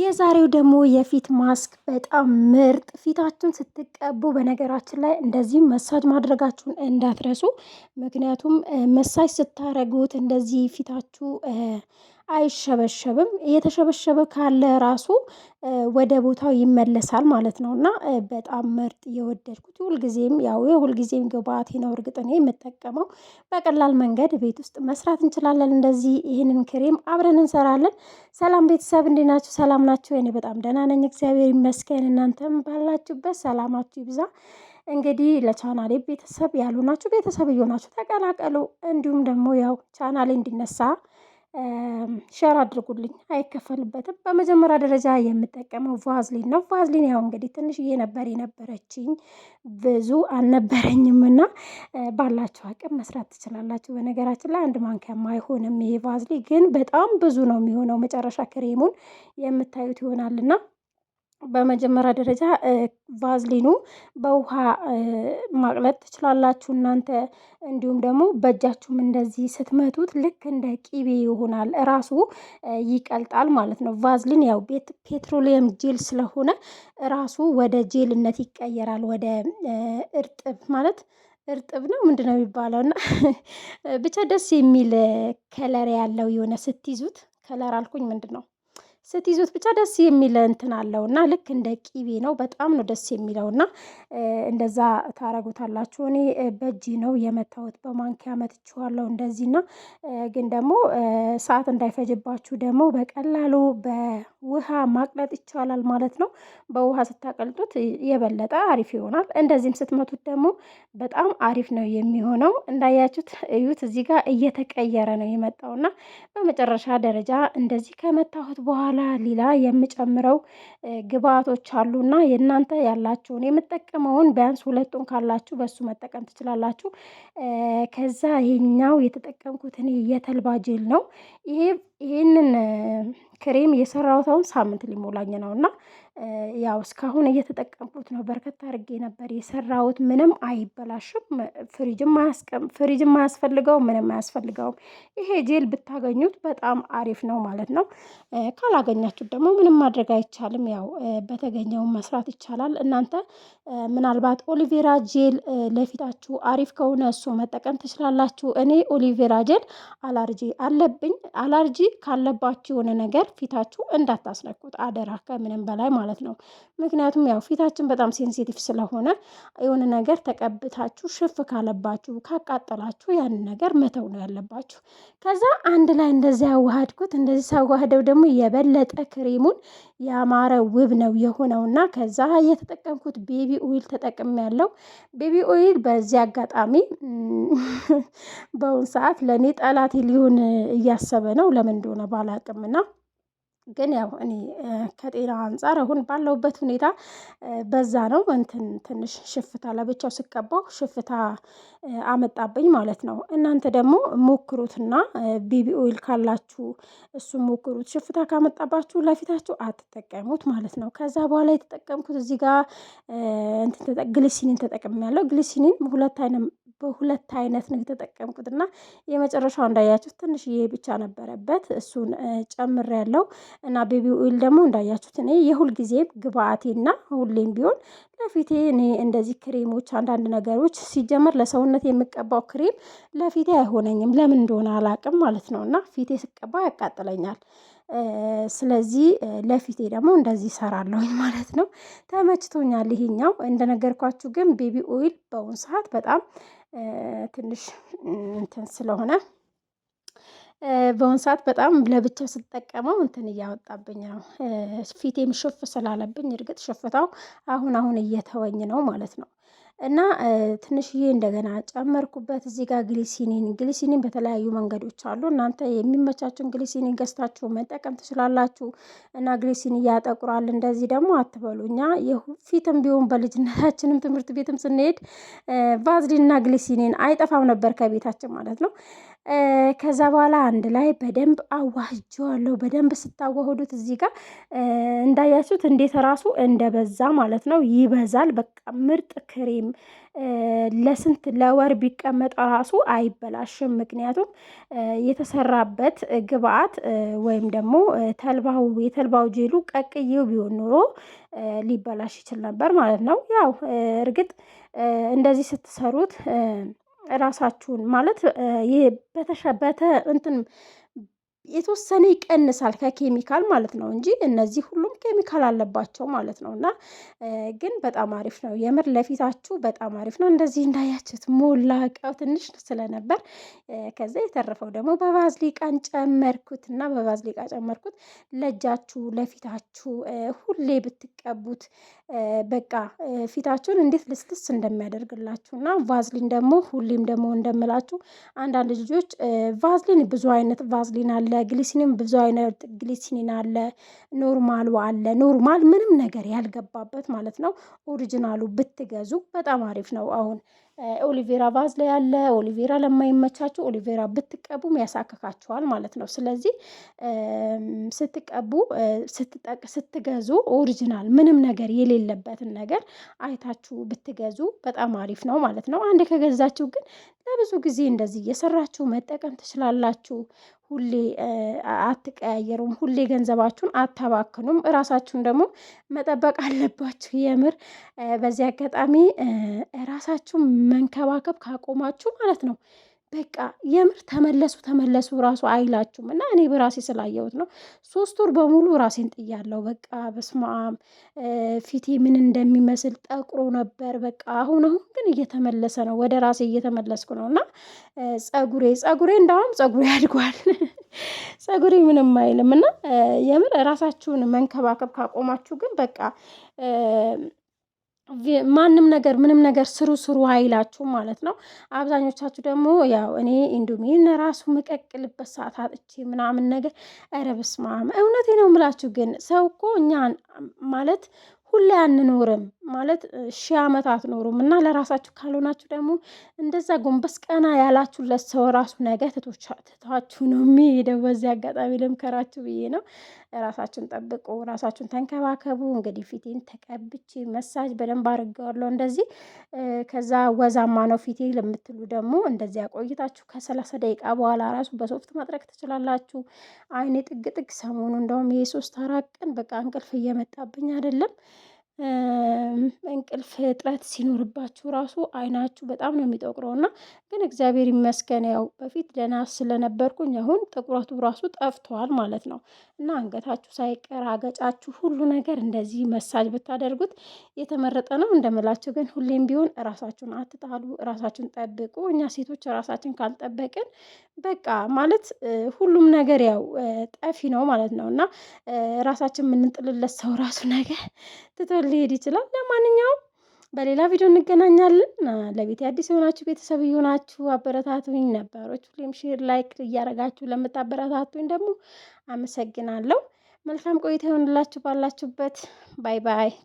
የዛሬው ደግሞ የፊት ማስክ በጣም ምርጥ፣ ፊታችሁን ስትቀቡ በነገራችን ላይ እንደዚህም መሳጅ ማድረጋችሁን እንዳትረሱ። ምክንያቱም መሳጅ ስታረጉት እንደዚህ ፊታችሁ አይሸበሸብም። እየተሸበሸበ ካለ ራሱ ወደ ቦታው ይመለሳል ማለት ነው እና በጣም ምርጥ የወደድኩት ሁልጊዜም ያው የሁልጊዜም ግብአቴ ነው። እርግጥ እኔ የምጠቀመው በቀላል መንገድ ቤት ውስጥ መስራት እንችላለን። እንደዚህ ይህንን ክሬም አብረን እንሰራለን። ሰላም ቤተሰብ እንዴት ናችሁ? ሰላም ናችሁ? እኔ በጣም ደህና ነኝ፣ እግዚአብሔር ይመስገን። እናንተም ባላችሁበት ሰላማችሁ ይብዛ። እንግዲህ ለቻናሌ ቤተሰብ ያልሆናችሁ ቤተሰብ እየሆናችሁ ተቀላቀሉ። እንዲሁም ደግሞ ያው ቻናሌ እንዲነሳ ሸር አድርጉልኝ፣ አይከፈልበትም። በመጀመሪያ ደረጃ የምጠቀመው ቫዝሊን ነው። ቫዝሊን ያው እንግዲህ ትንሽዬ ነበር የነበረችኝ ብዙ አልነበረኝም እና ባላችሁ አቅም መስራት ትችላላችሁ። በነገራችን ላይ አንድ ማንኪያም አይሆንም ይሄ ቫዝሊን ግን በጣም ብዙ ነው የሚሆነው። መጨረሻ ክሬሙን የምታዩት ይሆናልና በመጀመሪያ ደረጃ ቫዝሊኑ በውሃ ማቅለጥ ትችላላችሁ እናንተ። እንዲሁም ደግሞ በእጃችሁም እንደዚህ ስትመቱት ልክ እንደ ቂቤ ይሆናል፣ ራሱ ይቀልጣል ማለት ነው። ቫዝሊን ያው ቤት ፔትሮሊየም ጄል ስለሆነ ራሱ ወደ ጄልነት ይቀየራል፣ ወደ እርጥብ ማለት እርጥብ ነው ምንድን ነው የሚባለው? እና ብቻ ደስ የሚል ከለር ያለው የሆነ ስትይዙት ከለር አልኩኝ ምንድን ነው ስትይዙት ብቻ ደስ የሚል እንትን አለው እና ልክ እንደ ቂቤ ነው። በጣም ነው ደስ የሚለው እና እንደዛ ታረጉታላችሁ። እኔ በእጅ ነው የመታወት በማንኪያ እንደዚህ እና ግን ደግሞ ሰዓት እንዳይፈጅባችሁ ደግሞ በቀላሉ በውሃ ማቅለጥ ይቻላል ማለት ነው። በውሃ ስታቀልጡት የበለጠ አሪፍ ይሆናል። እንደዚህም ስትመቱት ደግሞ በጣም አሪፍ ነው የሚሆነው። እንዳያችሁት እዩት፣ እዚህ ጋር እየተቀየረ ነው የመጣውና በመጨረሻ ደረጃ እንደዚህ ከመታሁት በኋላ በኋላ ሌላ የምጨምረው ግብአቶች አሉና የእናንተ ያላችሁን የምጠቀመውን ቢያንስ ሁለቱን ካላችሁ በሱ መጠቀም ትችላላችሁ። ከዛ ይሄኛው የተጠቀምኩት እኔ የተልባ ጄል ነው። ይሄ ይህንን ክሬም የሰራሁት አሁን ሳምንት ሊሞላኝ ነው እና ያው እስካሁን እየተጠቀምኩት ነው። በርከት አድርጌ ነበር የሰራሁት። ምንም አይበላሽም። ፍሪጅም አያስቀም ምንም አያስፈልገውም። ይሄ ጄል ብታገኙት በጣም አሪፍ ነው ማለት ነው። ካላገኛችሁት ደግሞ ምንም ማድረግ አይቻልም። ያው በተገኘው መስራት ይቻላል። እናንተ ምናልባት ኦሊቬራ ጄል ለፊታችሁ አሪፍ ከሆነ እሱ መጠቀም ትችላላችሁ። እኔ ኦሊቬራ ጄል አላርጂ አለብኝ። አላርጂ ካለባችሁ የሆነ ነገር ፊታችሁ እንዳታስነኩት አደራ ከምንም በላይ ማለት ማለት ነው። ምክንያቱም ያው ፊታችን በጣም ሴንሲቲቭ ስለሆነ የሆነ ነገር ተቀብታችሁ ሽፍ ካለባችሁ ካቃጠላችሁ ያንን ነገር መተው ነው ያለባችሁ። ከዛ አንድ ላይ እንደዚህ ያዋሃድኩት እንደዚህ ሳዋህደው ደግሞ የበለጠ ክሬሙን ያማረ ውብ ነው የሆነውና ከዛ የተጠቀምኩት ቤቢ ኦይል ተጠቅም ያለው ቤቢ ኦይል በዚህ አጋጣሚ በአሁን ሰዓት ለእኔ ጠላቴ ሊሆን እያሰበ ነው ለምን እንደሆነ ባላቅምና ግን ያው እኔ ከጤና አንጻር አሁን ባለውበት ሁኔታ በዛ ነው እንትን ትንሽ ሽፍታ ለብቻው ስቀባው ሽፍታ አመጣብኝ ማለት ነው። እናንተ ደግሞ ሞክሩትና ቤቢ ኦይል ካላችሁ እሱ ሞክሩት። ሽፍታ ካመጣባችሁ ለፊታችሁ አትጠቀሙት ማለት ነው። ከዛ በኋላ የተጠቀምኩት እዚህ ጋር እንትን ግሊሲኒን ያለው ግሊሲኒን ሁለት አይነት በሁለት አይነት ነው የተጠቀምኩት እና የመጨረሻው እንዳያችሁት ትንሽዬ ብቻ ነበረበት እሱን ጨምር ያለው እና ቤቢ ኦይል ደግሞ እንዳያችሁት እኔ የሁልጊዜ ግብአቴና ሁሌም ቢሆን ለፊቴ እኔ እንደዚህ ክሬሞች አንዳንድ ነገሮች ሲጀመር ለሰውነት የምቀባው ክሬም ለፊቴ አይሆነኝም። ለምን እንደሆነ አላቅም ማለት ነው እና ፊቴ ስቀባ ያቃጥለኛል። ስለዚህ ለፊቴ ደግሞ እንደዚህ ይሰራለሁኝ ማለት ነው። ተመችቶኛል። ይሄኛው እንደነገርኳችሁ ግን ቤቢ ኦይል በአሁኑ ሰዓት በጣም ትንሽ እንትን ስለሆነ በአሁን ሰዓት በጣም ለብቻው ስጠቀመው እንትን እያወጣብኝ ነው። ፊቴም ሽፍ ስላለብኝ እርግጥ ሽፍታው አሁን አሁን እየተወኝ ነው ማለት ነው። እና ትንሽዬ እንደገና ጨመርኩበት። እዚህ ጋር ግሊሲኒን ግሊሲኒን በተለያዩ መንገዶች አሉ። እናንተ የሚመቻችሁን ግሊሲኒን ገዝታችሁ መጠቀም ትችላላችሁ። እና ግሊሲኒን ያጠቁራል፣ እንደዚህ ደግሞ አትበሉ። እኛ ፊትም ቢሆን በልጅነታችንም ትምህርት ቤትም ስንሄድ እና ግሊሲኒን አይጠፋም ነበር ከቤታችን ማለት ነው። ከዛ በኋላ አንድ ላይ በደንብ አዋህጀዋለሁ። በደንብ ስታዋህዱት እዚህ ጋር እንዳያችሁት እንዴት ራሱ እንደበዛ ማለት ነው። ይበዛል። በቃ ምርጥ ክሬም ለስንት ለወር ቢቀመጥ ራሱ አይበላሽም። ምክንያቱም የተሰራበት ግብአት ወይም ደግሞ ተልባው የተልባው ጄሉ ቀቅዬው ቢሆን ኖሮ ሊበላሽ ይችል ነበር ማለት ነው። ያው እርግጥ እንደዚህ ስትሰሩት ራሳችሁን ማለት ይህ በተሸ በተ እንትን የተወሰነ ይቀንሳል ከኬሚካል ማለት ነው እንጂ እነዚህ ሁሉም ኬሚካል አለባቸው ማለት ነው። እና ግን በጣም አሪፍ ነው የምር ለፊታችሁ በጣም አሪፍ ነው። እንደዚህ እንዳያችሁት ሞላ እቃው ትንሽ ስለነበር ከዛ የተረፈው ደግሞ በባዝሊቃን ጨመርኩት እና በባዝሊቃ ጨመርኩት። ለእጃችሁ ለፊታችሁ ሁሌ ብትቀቡት በቃ ፊታችሁን እንዴት ልስልስ እንደሚያደርግላችሁ እና ቫዝሊን ደግሞ ሁሌም ደግሞ እንደምላችሁ አንዳንድ ልጆች ቫዝሊን ብዙ አይነት ቫዝሊን አለ ግሊሲንም ብዙ አይነት ግሊሲኒን አለ፣ ኖርማሉ አለ። ኖርማል ምንም ነገር ያልገባበት ማለት ነው። ኦሪጂናሉ ብትገዙ በጣም አሪፍ ነው። አሁን ኦሊቬራ ቫዝ ላይ ያለ ኦሊቬራ ለማይመቻችሁ ኦሊቬራ ብትቀቡም ያሳክካችኋል ማለት ነው። ስለዚህ ስትቀቡ ስትጠቅ ስትገዙ ኦሪጂናል ምንም ነገር የሌለበትን ነገር አይታችሁ ብትገዙ በጣም አሪፍ ነው ማለት ነው። አንዴ ከገዛችሁ ግን ለብዙ ጊዜ እንደዚህ እየሰራችሁ መጠቀም ትችላላችሁ። ሁሌ አትቀያየሩም፣ ሁሌ ገንዘባችሁን አታባክኑም። እራሳችሁን ደግሞ መጠበቅ አለባችሁ። የምር በዚህ አጋጣሚ ራሳችሁን መንከባከብ ካቆማችሁ ማለት ነው በቃ የምር ተመለሱ ተመለሱ ራሱ አይላችሁም። እና እኔ በራሴ ስላየሁት ነው። ሶስት ወር በሙሉ ራሴን ጥያለሁ። በቃ በስማም ፊቴ ምን እንደሚመስል ጠቁሮ ነበር። በቃ አሁን አሁን ግን እየተመለሰ ነው፣ ወደ ራሴ እየተመለስኩ ነው። እና ጸጉሬ ጸጉሬ እንዳውም ጸጉሬ አድጓል። ጸጉሬ ምንም አይልም። እና የምር ራሳችሁን መንከባከብ ካቆማችሁ ግን በቃ ማንም ነገር ምንም ነገር ስሩ ስሩ አይላችሁ ማለት ነው። አብዛኞቻችሁ ደግሞ ያው እኔ ኢንዶሚን ራሱ መቀቅልበት ሰዓት አጥቼ ምናምን ነገር ኧረ በስመ አብ እውነቴ ነው የምላችሁ። ግን ሰው እኮ እኛ ማለት ሁሌ አንኖርም። ማለት ሺህ ዓመት አትኖሩም እና ለራሳችሁ ካልሆናችሁ ደግሞ እንደዛ ጎንበስ ቀና ያላችሁለት ሰው ራሱ ነገ ትታችሁ ነው የሚሄደው። በዚህ አጋጣሚ ልምከራችሁ ብዬ ነው። ራሳችሁን ጠብቁ፣ ራሳችሁን ተንከባከቡ። እንግዲህ ፊቴን ተቀብቼ መሳጅ በደንብ አድርጌዋለሁ እንደዚህ። ከዛ ወዛማ ነው ፊቴ ለምትሉ ደግሞ እንደዚህ አቆይታችሁ ከሰላሳ ደቂቃ በኋላ ራሱ በሶፍት መጥረግ ትችላላችሁ። አይኔ ጥግጥግ ሰሞኑ እንደውም የሶስት አራት ቀን በቃ እንቅልፍ እየመጣብኝ አይደለም እንቅልፍ እጥረት ሲኖርባችሁ ራሱ አይናችሁ በጣም ነው የሚጠቁረው። እና ግን እግዚአብሔር ይመስገን ያው በፊት ደህና ስለነበርኩኝ አሁን ጥቁረቱ ራሱ ጠፍቷል ማለት ነው። እና አንገታችሁ ሳይቀር አገጫችሁ፣ ሁሉ ነገር እንደዚህ መሳጅ ብታደርጉት የተመረጠ ነው እንደምላችሁ። ግን ሁሌም ቢሆን ራሳችሁን አትጣሉ፣ ራሳችሁን ጠብቁ። እኛ ሴቶች ራሳችን ካልጠበቅን በቃ ማለት ሁሉም ነገር ያው ጠፊ ነው ማለት ነው እና ራሳችን የምንጥልለት ሰው ራሱ ነገር ትቶ ሊሄድ ይችላል። ለማንኛውም በሌላ ቪዲዮ እንገናኛለን። ለቤት አዲስ የሆናችሁ ቤተሰብ የሆናችሁ አበረታቱኝ። ነበሮች ሁሌም ሼር፣ ላይክ እያደረጋችሁ ለምታበረታቱኝ ደግሞ አመሰግናለሁ። መልካም ቆይታ ይሆንላችሁ ባላችሁበት። ባይ ባይ።